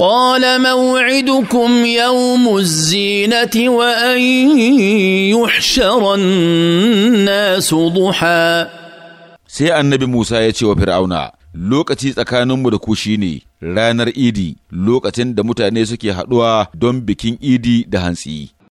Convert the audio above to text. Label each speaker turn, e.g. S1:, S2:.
S1: قال موعدكم يوم الزينه وان
S2: يحشر الناس duha. sai annabi Musa ya ce wa Fir'auna, Lokaci tsakaninmu da ku shi ne ranar Idi, lokacin da mutane suke haɗuwa don bikin Idi da hantsi.